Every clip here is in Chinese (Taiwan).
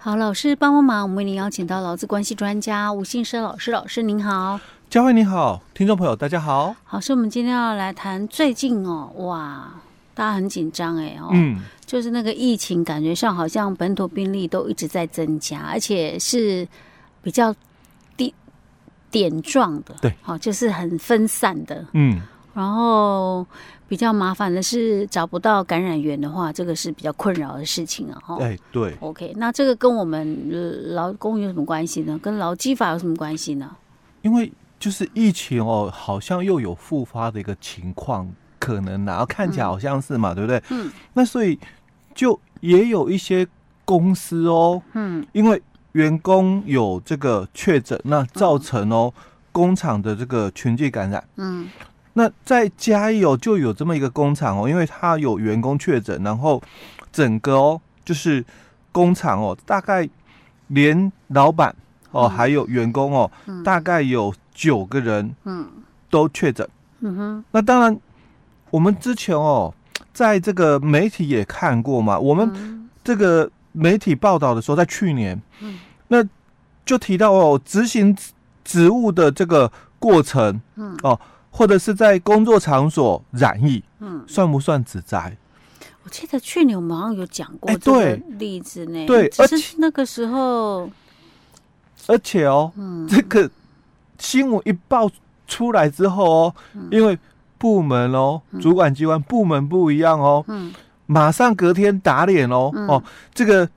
好，老師幫幫忙，我們為您邀請到勞資關係專家吳信生老師，老師您好，佳慧，你好，聽眾朋友大家好，好，是我們今天要來談最近哦，哇，大家很緊張哎哦，嗯，就是那個疫情，感覺上好像本土病例都一直在增加，而且是比較低點點狀的，對，好，哦，就是很分散的，嗯。然後比較麻煩的是找不到感染源的話，這個是比較困擾的事情啊。哈，哎，對，OK，那這個跟我們、呃、勞工有什麼關係呢？跟勞基法有什麼關係呢？因為就是疫情哦，好像又有復發的一個情況可能啊，看起來好像是嘛，嗯、對不對？嗯，那所以就也有一些公司哦，嗯，因為員工有這個確診，那造成哦、嗯、工廠的這個群聚感染，嗯。那在嘉義、哦、就有這麼一個工廠哦，因為他有員工確診，然後整個哦就是工廠哦，大概連老板哦、嗯、還有員工哦，嗯、大概有九個人都嗯都確診。嗯哼、那當然，我們之前哦在這個媒體也看過嘛，我們這個媒體報道的時候，在去年那就提到哦、執行職務的這個過程哦。或者是在工作場所染疫，嗯，算不算職災？我記得去年我們好像有講過這個例子呢。欸、對，但是那個時候，而且，而且哦，嗯、這個新聞一爆出來之後哦，嗯、因為部門哦，嗯、主管機關部門不一樣哦，嗯，馬上隔天打臉哦、嗯、哦，這個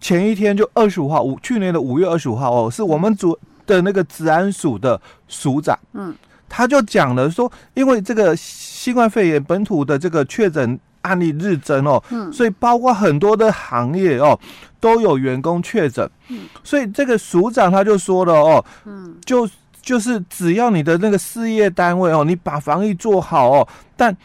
前一天就二十五號五，去年的五月二十五號哦，是我們組的那個職安署的署長，嗯。他就講了說，因為這個新冠肺炎本土的這個確診案例日增哦，嗯，所以包括很多的行業哦，都有員工確診，嗯，所以這個署長他就說了哦，嗯，就就是只要你的那個事業單位哦，你把防疫做好哦，但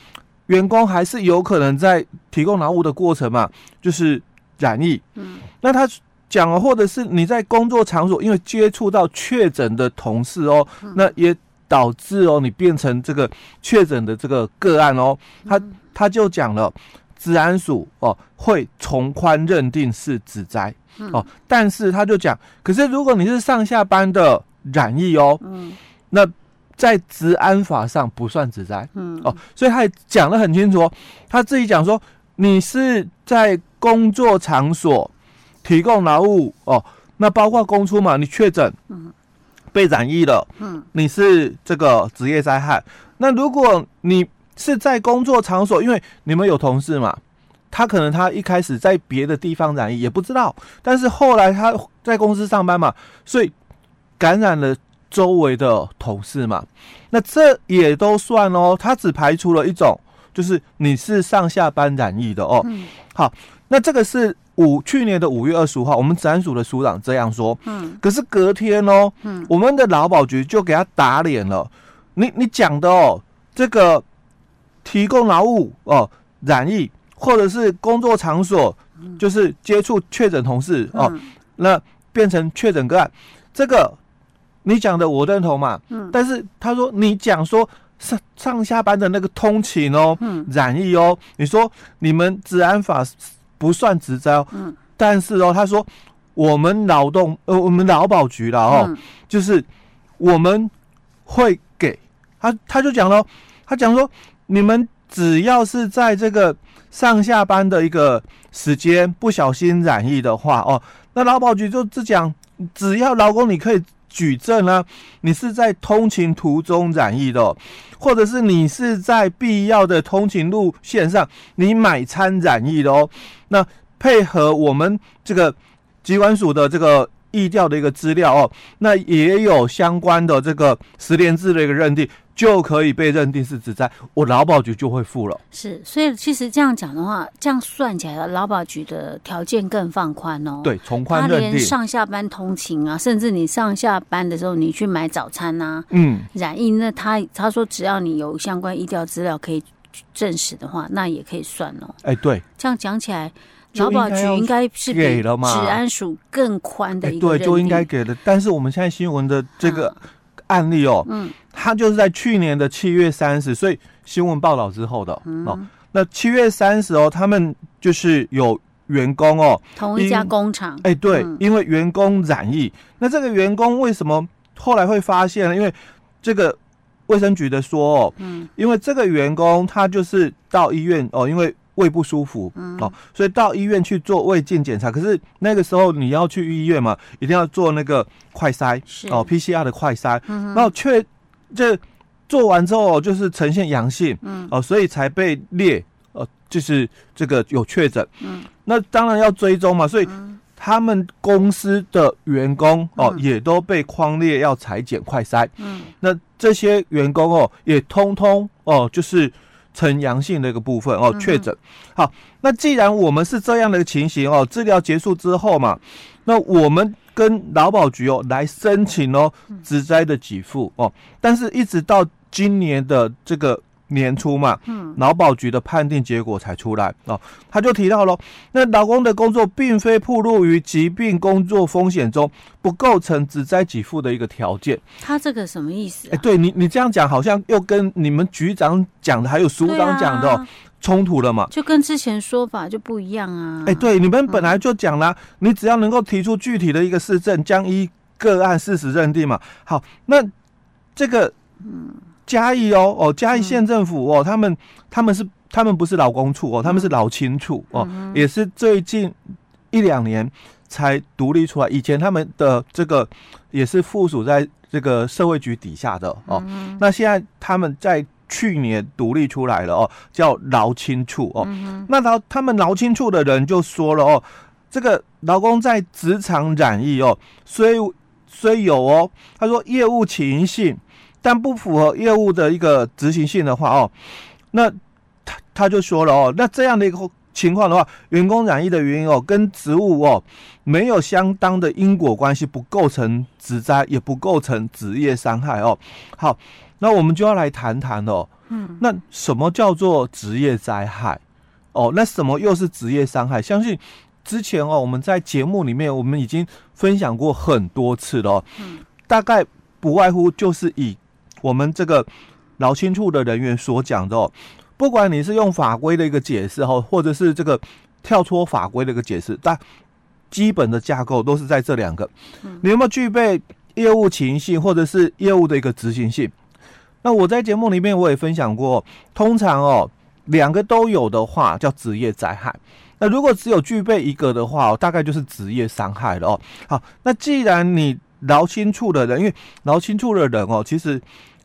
員工還是有可能在提供勞務的過程嘛，就是染疫，嗯，那他講了，或者是你在工作場所因為接觸到確診的同事哦，嗯，那也。導致哦，你變成這個確診的這個個案哦，他他就講了，職安署哦，會從寬認定是職災哦，但是他就講，可是如果你是上下班的染疫哦，嗯、那在職安法上不算職災，嗯哦，所以他講得很清楚哦，他自己講說你是在工作場所提供勞務哦，那包括公出嘛，你確診。嗯被染疫了，嗯，你是這個職業災害。那如果你是在工作場所，因為你們有同事嘛，他可能他一開始在別的地方染疫也不知道，但是後來他在公司上班嘛，所以感染了周圍的同事嘛，那這也都算哦。他只排除了一種，就是你是上下班染疫的哦。好，那這個是。五去年的五月二十五號，我們職安署的署長這樣說。嗯，可是隔天哦，嗯、我們的勞保局就給他打臉了。你你講的哦，這個提供勞務哦，染疫或者是工作場所，嗯、就是接觸確診同事哦，呃嗯、那變成確診個案，這個你講的我認同嘛？嗯，但是他說你講說上上下班的那個通勤哦，嗯，染疫哦，你說你們職安法。不算直災，但是哦，他說我們勞動呃，我們勞保局了哦，嗯、就是我們會給他，他就講嘍，他講說，你們只要是在這個上下班的一個時間不小心染疫的話哦，那勞保局就只講，只要勞工你可以舉證啊，你是在通勤途中染疫的，哦，或者是你是在必要的通勤路線上你買餐染疫的哦。那配合我們這個疾管署的這個疫調的一個資料哦，那也有相關的這個實聯制的一個認定，就可以被認定是職災，我勞保局就會付了。是，所以其實這樣講的話，這樣算起來，勞保局的條件更放寬哦。對，從寬認定，他連上下班通勤啊，甚至你上下班的時候你去買早餐吶、啊，嗯，染疫那他他說只要你有相關疫調資料可以。證實的話，那也可以算了哦。哎，欸、對，這樣講起來，勞保局應該是給了嘛？職安署更寬的一個應該、欸、對，就應該給的。但是我們現在新聞的這個案例哦，嗯，它就是在去年的七月三十，所以新聞報道之後的、嗯、哦，那七月三十哦，他們就是有員工哦，同一家工廠。哎，欸、對，嗯、因為員工染疫，那這個員工為什麼後來會發現呢？因為這個。衛生局的說、哦，嗯，因為這個員工他就是到醫院哦，因為胃不舒服，嗯，哦，所以到醫院去做胃鏡檢查。可是那個時候你要去醫院嘛，一定要做那個快篩，是哦，PCR 的快篩，嗯、哼然後卻就做完之後就是呈現陽性，嗯，哦，所以才被列，哦、呃。就是這個有確診，嗯、那當然要追蹤嘛，所以、嗯。他們公司的員工哦，也都被匡列要採檢快篩，嗯，那這些員工哦，也通通哦，就是呈陽性的一個部分哦，確診、嗯哼。好，那既然我們是這樣的情形哦，治療結束之後嘛，那我們跟勞保局哦來申請哦，職災的給付哦，但是一直到今年的這個。年初嘛，嗯，勞保局的判定結果才出來哦，他就提到嘍，那勞工的工作並非暴露於疾病工作風險中，不構成職災給付的一個條件。他這個什麼意思、啊？哎、欸，對你，你這樣講好像又跟你們局長講的還有署長講的衝、哦啊、突了嘛？就跟之前說法就不一樣啊？哎、欸，對，你們本來就講啦，你只要能夠提出具體的一個事證將依個案事實認定嘛。好，那這個，嗯。嘉義哦，哦，嘉義縣政府哦，嗯、他們他們是他們不是勞工處哦，他們是勞青處哦，嗯、也是最近一兩年才獨立出來，以前他們的這個也是附屬在這個社會局底下的哦。嗯、那現在他們在去年獨立出來了哦，叫勞青處哦。嗯嗯、那他他們勞青處的人就說了哦，這個勞工在職場染疫哦，雖雖有哦，他說業務情形。但不符合業務的一個執行性的話哦，那他他就說了哦，那這樣的一個情況的話，員工染疫的原因哦，跟職務哦沒有相當的因果關係，不構成職災，也不構成職業傷害哦。好，那我們就要來談談哦，嗯，那什麼叫做職業災害哦？那什麼又是職業傷害？相信之前哦，我們在節目裡面我們已經分享過很多次了哦，嗯，大概不外乎就是以。我們這個勞心處的人員所講的，哦，不管你是用法規的一個解釋哈，或者是這個跳脫法規的一個解釋，但基本的架構都是在這兩個。你有沒有具備業務情形，或者是業務的一個執行性？那我在節目裡面我也分享過，通常哦，兩個都有的話叫職業災害。那如果只有具備一個的話，哦，大概就是職業傷害了哦。好，那既然你勞心處的人，因為勞心處的人哦，其實。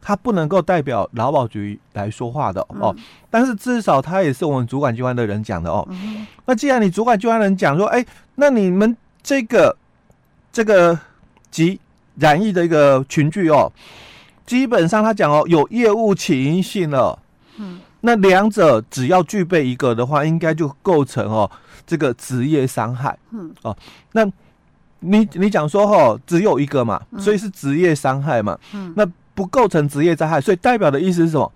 他不能夠代表勞保局來說話的哦，但是至少他也是我們主管機關的人講的哦。那既然你主管機關人講說，哎，那你們這個這個集染疫的一個群聚哦，基本上他講哦，有業務起因性了，哦。那兩者只要具備一個的話，應該就構成哦這個職業傷害。嗯。哦，那你你講說哦，只有一個嘛，所以是職業傷害嘛。嗯。那不構成職業災害，所以代表的意思是什麼？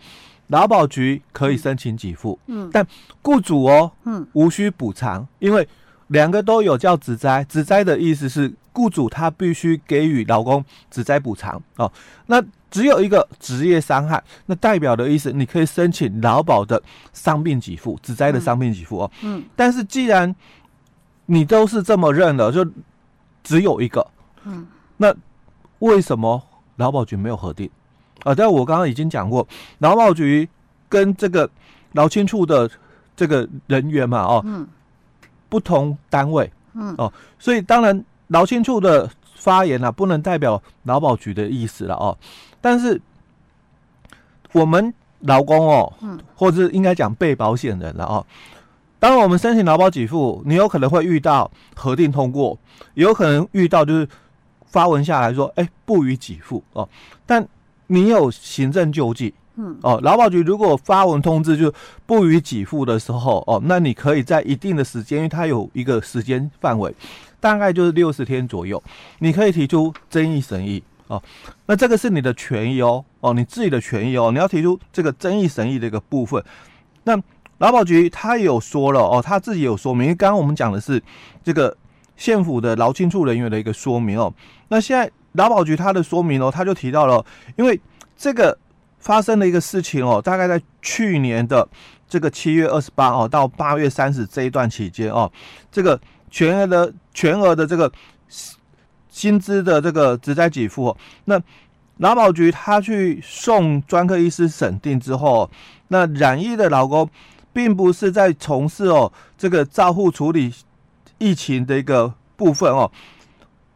勞保局可以申請給付，嗯，嗯，但雇主哦，嗯，無需補償，因為兩個都有叫“職災”，職災的意思是雇主他必須給予勞工職災補償哦。那只有一個職業傷害，那代表的意思你可以申請勞保的傷病給付，職災的傷病給付哦，嗯。嗯，但是既然你都是這麼認的，就只有一個，嗯，那為什麼？勞保局沒有核定，啊，但我剛剛已經講過，勞保局跟這個勞青處的這個人員嘛，哦，不同單位，嗯，哦，所以當然勞青處的發言啊，不能代表勞保局的意思了，哦，但是我們勞工哦，或者是應該講被保險人了，哦，當我們申請勞保給付，你有可能會遇到核定通過，也有可能遇到就是。發文下來說，哎、欸，不予給付哦，但你有行政救濟，嗯，哦，勞保局如果發文通知就不予給付的時候，哦，那你可以在一定的時間，因為它有一個時間範圍，大概就是六十天左右，你可以提出爭議審議，哦，那這個是你的權益哦，哦，你自己的權益哦，你要提出這個爭議審議的一個部分，那勞保局他有說了哦，他自己有說明，因為剛剛我們講的是這個。縣府的勞金處人員的一個說明哦，那現在勞保局他的說明哦，他就提到了，因為這個發生的一個事情哦，大概在去年的這個七月二十八哦到八月三十這一段期間哦，這個全額的全額的這個薪資的這個職災給付，哦，那勞保局他去送專科醫師審定之後，哦，那染疫的老公並不是在從事哦這個照護處理。疫情的一個部分哦，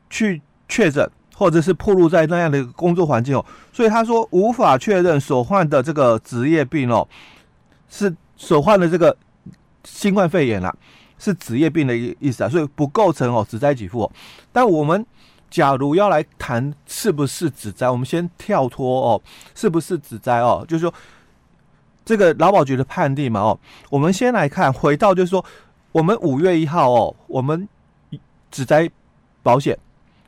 去確診或者是暴露在那樣的一個工作環境哦，所以他說無法確認所患的這個職業病哦，是所患的這個新冠肺炎啦，啊，是職業病的意意思啊，所以不構成哦，職災給付，哦。但我們假如要來談是不是職災，我們先跳脫哦，是不是職災哦，就是說這個勞保局的判定嘛哦，我們先來看，回到就是說，我們五月一號哦，我們職災保險，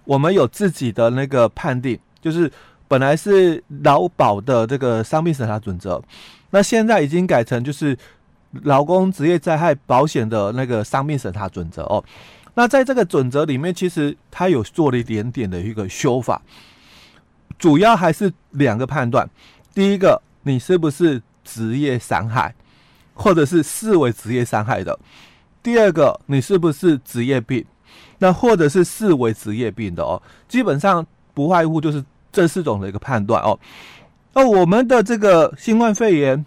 我們有自己的那個判定，就是本來是勞保的這個傷病審查準則，那現在已經改成就是勞工職業災害保險的那個傷病審查準則哦。那在這個準則裡面，其實它有做了一點點的一個修法，主要還是兩個判斷：第一個，你是不是職業傷害，或者是視為職業傷害的。第二個，你是不是職業病？那或者是視為職業病的哦，基本上不外乎就是這四種的一個判斷哦。那我們的這個新冠肺炎，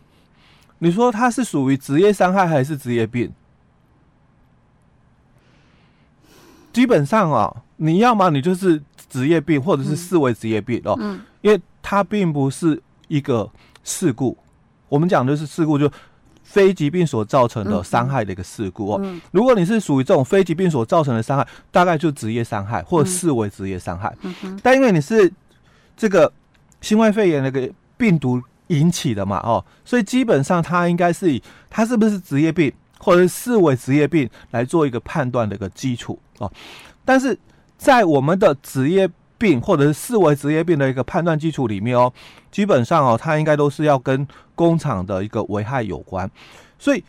你說它是屬於職業傷害還是職業病？基本上啊，你要麼你就是職業病，或者是視為職業病哦，嗯嗯、因為它並不是一個事故。我們講的是事故就。非疾病所造成的傷害的一個事故哦，如果你是屬於這種非疾病所造成的傷害，大概就職業傷害或視為職業傷害。但因為你是這個新冠肺炎那個病毒引起的嘛，哦，所以基本上它應該是以它是不是職業病或者視為職業病來做一個判斷的一個基礎哦。但是在我們的職業。病或者是視為職業病的一個判斷基礎裡面哦，基本上哦，它應該都是要跟工廠的一個危害有關。所以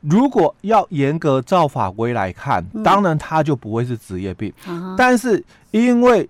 如果要嚴格照法規來看，當然它就不會是職業病。嗯、但是因為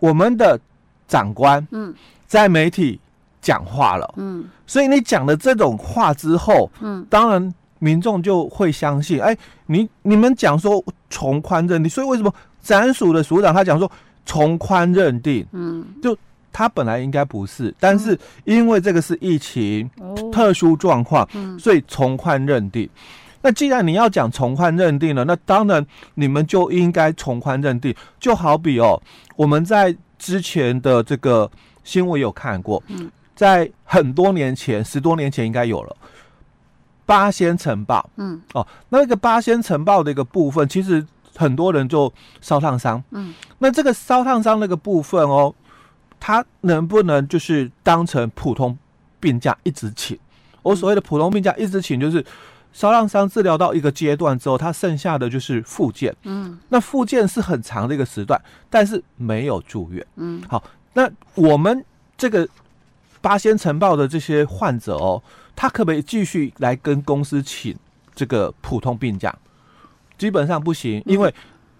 我們的長官嗯在媒體講話了嗯，嗯所以你講了這種話之後嗯，當然民眾就會相信。哎、欸，你你們講說從寬認定，所以為什麼職安署的署長他講說？從寬認定，嗯，就他本來應該不是，嗯、但是因為這個是疫情、哦、特殊狀況，所以從寬認定。嗯、那既然你要講從寬認定了，那當然你們就應該從寬認定。就好比哦，我們在之前的這個新聞有看過，嗯、在很多年前，十多年前應該有了八仙城堡，嗯，哦，那個八仙城堡的一個部分，其實。很多人就燒燙傷，嗯，那這個燒燙傷那個部分哦，他能不能就是當成普通病假一直請？我所謂的普通病假一直請，就是燒燙傷治療到一個階段之後，他剩下的就是復健，嗯，那復健是很長的一個時段，但是沒有住院，嗯，好，那我們這個八仙塵爆的這些患者哦，他可不可以繼續來跟公司請這個普通病假？基本上不行，嗯、因為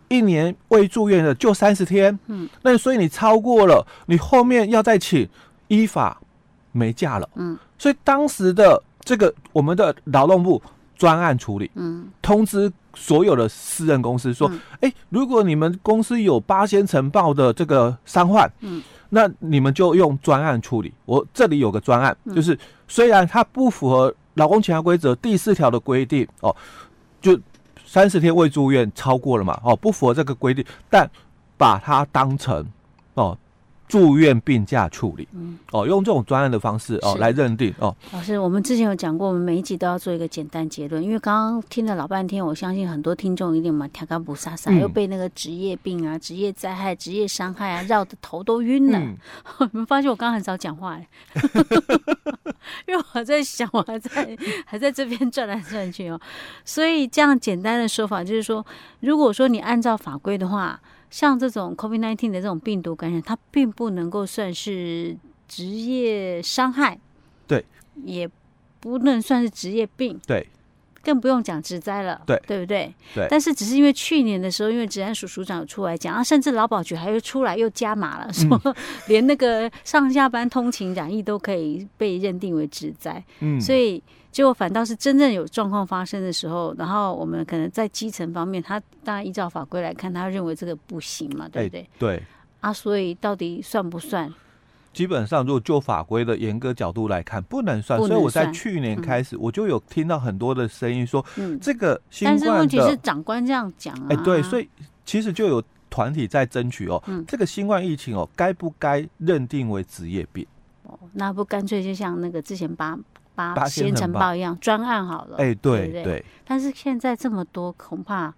一年未住院的就三十天，嗯，那所以你超過了，你後面要再請，依法沒假了，嗯，所以當時的這個我們的勞動部專案處理，嗯，通知所有的私人公司說，哎、嗯欸，如果你們公司有八仙塵爆的這個傷患，嗯，那你們就用專案處理。我這裡有個專案，嗯、就是雖然它不符合勞工請假規則第四條的規定，哦，就。三十天未住院超過了嘛？哦，不符合這個規定，但把它當成哦住院病假處理，嗯、哦，用這種專案的方式哦是來認定哦。老師，我們之前有講過，我們每一集都要做一個簡單結論，因為剛剛聽了老半天，我相信很多聽眾一定嘛調侃不撒撒，嗯、又被那個職業病啊、職業災害、職業傷害啊繞得頭都暈了。嗯、 你們發現我剛剛很少講話嘞、欸？ 因為我在想，我還在還在這邊轉來轉去哦，所以這樣簡單的說法就是說，如果說你按照法規的話，像這種 COVID-19 的這種病毒感染，它並不能夠算是職業傷害，對，也不能算是職業病，對。對更不用講職災了，對對不對？對。但是只是因為去年的時候，因為職安署署長出來講，啊，甚至勞保局還又出來又加碼了，嗯、說連那個上下班通勤染疫都可以被認定為職災，嗯，所以結果反倒是真正有狀況發生的時候，然後我們可能在基層方面，他當然依照法規來看，他認為這個不行嘛，對不對？欸、對。啊，所以到底算不算？基本上，如果就法規的嚴格角度來看，不能算。能算，所以我在去年開始，我就有聽到很多的聲音說，嗯、這個新冠但是，問題是長官這樣講哎、啊，欸、對，所以其實就有團體在爭取哦，嗯、這個新冠疫情哦，該不該認定為職業病？哦、那不乾脆就像那個之前八八仙塵爆一樣專案好了？哎，對對。對對對，但是現在這麼多，恐怕。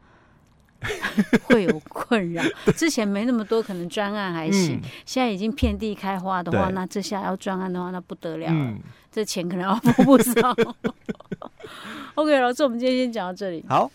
會有困擾，之前沒那麼多，可能專案還行，嗯、現在已經遍地開花的話，對那這下要專案的話，那不得了了，這錢、嗯、可能要付不少。 OK，老師，我們今天先講到這裡。好。